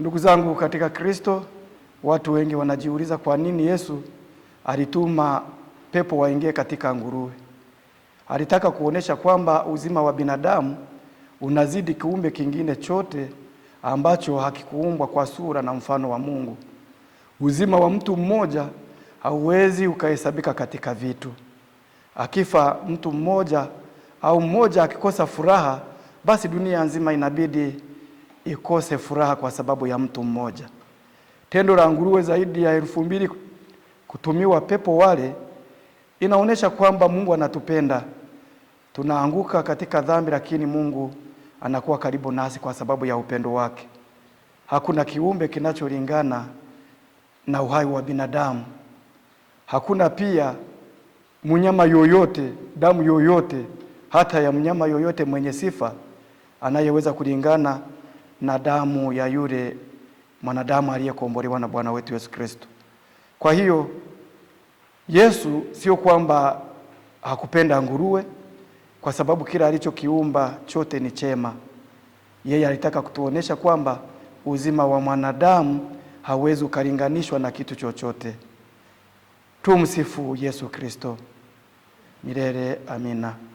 Ndugu zangu katika Kristo, watu wengi wanajiuliza kwa nini Yesu alituma pepo waingie katika nguruwe. Alitaka kuonesha kwamba uzima wa binadamu unazidi kiumbe kingine chote ambacho hakikuumbwa kwa sura na mfano wa Mungu. Uzima wa mtu mmoja hauwezi ukahesabika katika vitu. Akifa mtu mmoja au mmoja akikosa furaha, basi dunia nzima inabidi ikose furaha kwa sababu ya mtu mmoja. Tendo la nguruwe zaidi ya elfu mbili kutumiwa pepo wale inaonyesha kwamba Mungu anatupenda. Tunaanguka katika dhambi, lakini Mungu anakuwa karibu nasi kwa sababu ya upendo wake. Hakuna kiumbe kinacholingana na uhai wa binadamu. Hakuna pia mnyama yoyote, damu yoyote, hata ya mnyama yoyote mwenye sifa anayeweza kulingana na damu ya yule mwanadamu aliyekombolewa na Bwana wetu Yesu Kristo. Kwa hiyo Yesu sio kwamba hakupenda nguruwe, kwa sababu kila alichokiumba chote ni chema. Yeye alitaka kutuonesha kwamba uzima wa mwanadamu hauwezi ukalinganishwa na kitu chochote. Tumsifu Yesu Kristo milele. Amina.